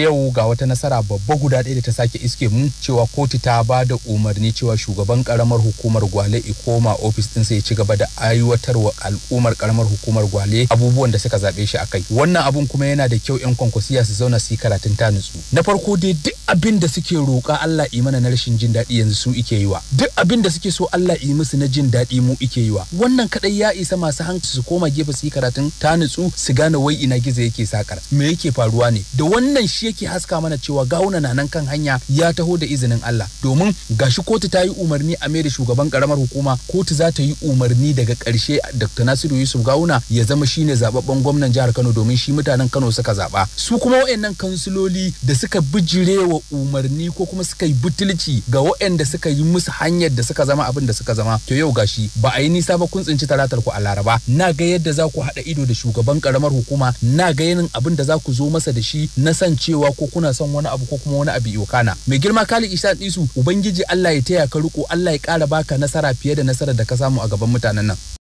yau ga wata nasara babba guda ɗaya da ta sake iske mu cewa kotu ta ba da umarni cewa shugaban karamar hukumar gwale ikoma ofis ɗinsa ya ci gaba da aiwatar wa al'ummar karamar hukumar gwale abubuwan da suka zaɓe shi a kai wannan abun kuma yana da kyau 'yan kwankwasiya su zauna su yi karatun ta nutsu na farko dai duk abin da suke roƙa Allah yi mana na rashin jin daɗi yanzu su ike yi wa duk abin da suke so Allah yi musu na jin daɗi mu ike yi wa wannan kadai ya isa masu hanci su koma gefe su yi karatun ta nutsu su gane wai ina gizo yake sakar me yake faruwa ne da wannan shi yake haska mana cewa gawuna na nan kan hanya ya taho da izinin Allah domin gashi kotu ta yi umarni a mai da shugaban karamar hukuma kotu za ta yi umarni daga ƙarshe Dr. Nasiru Yusuf Gawuna ya zama shine zababben gwamnan jihar Kano domin shi mutanen Kano suka zaba su kuma wayannan kansiloli da suka bijirewa wa umarni ko kuma suka yi butulci ga waɗanda suka yi musu hanyar da suka zama abin da suka zama to yau gashi ba a yi nisa ba kun tsinci talatar ku a laraba na ga yadda za ku haɗa ido da shugaban karamar hukuma na ga yanin abin da za ku zo masa da shi na san cewa ko kuna son wani abu ko kuma wani abu kana mai girma kali isa isu ubangiji Allah ya taya ka riko Allah ya ƙara baka nasara fiye da nasarar da ka samu a gaban mutanen nan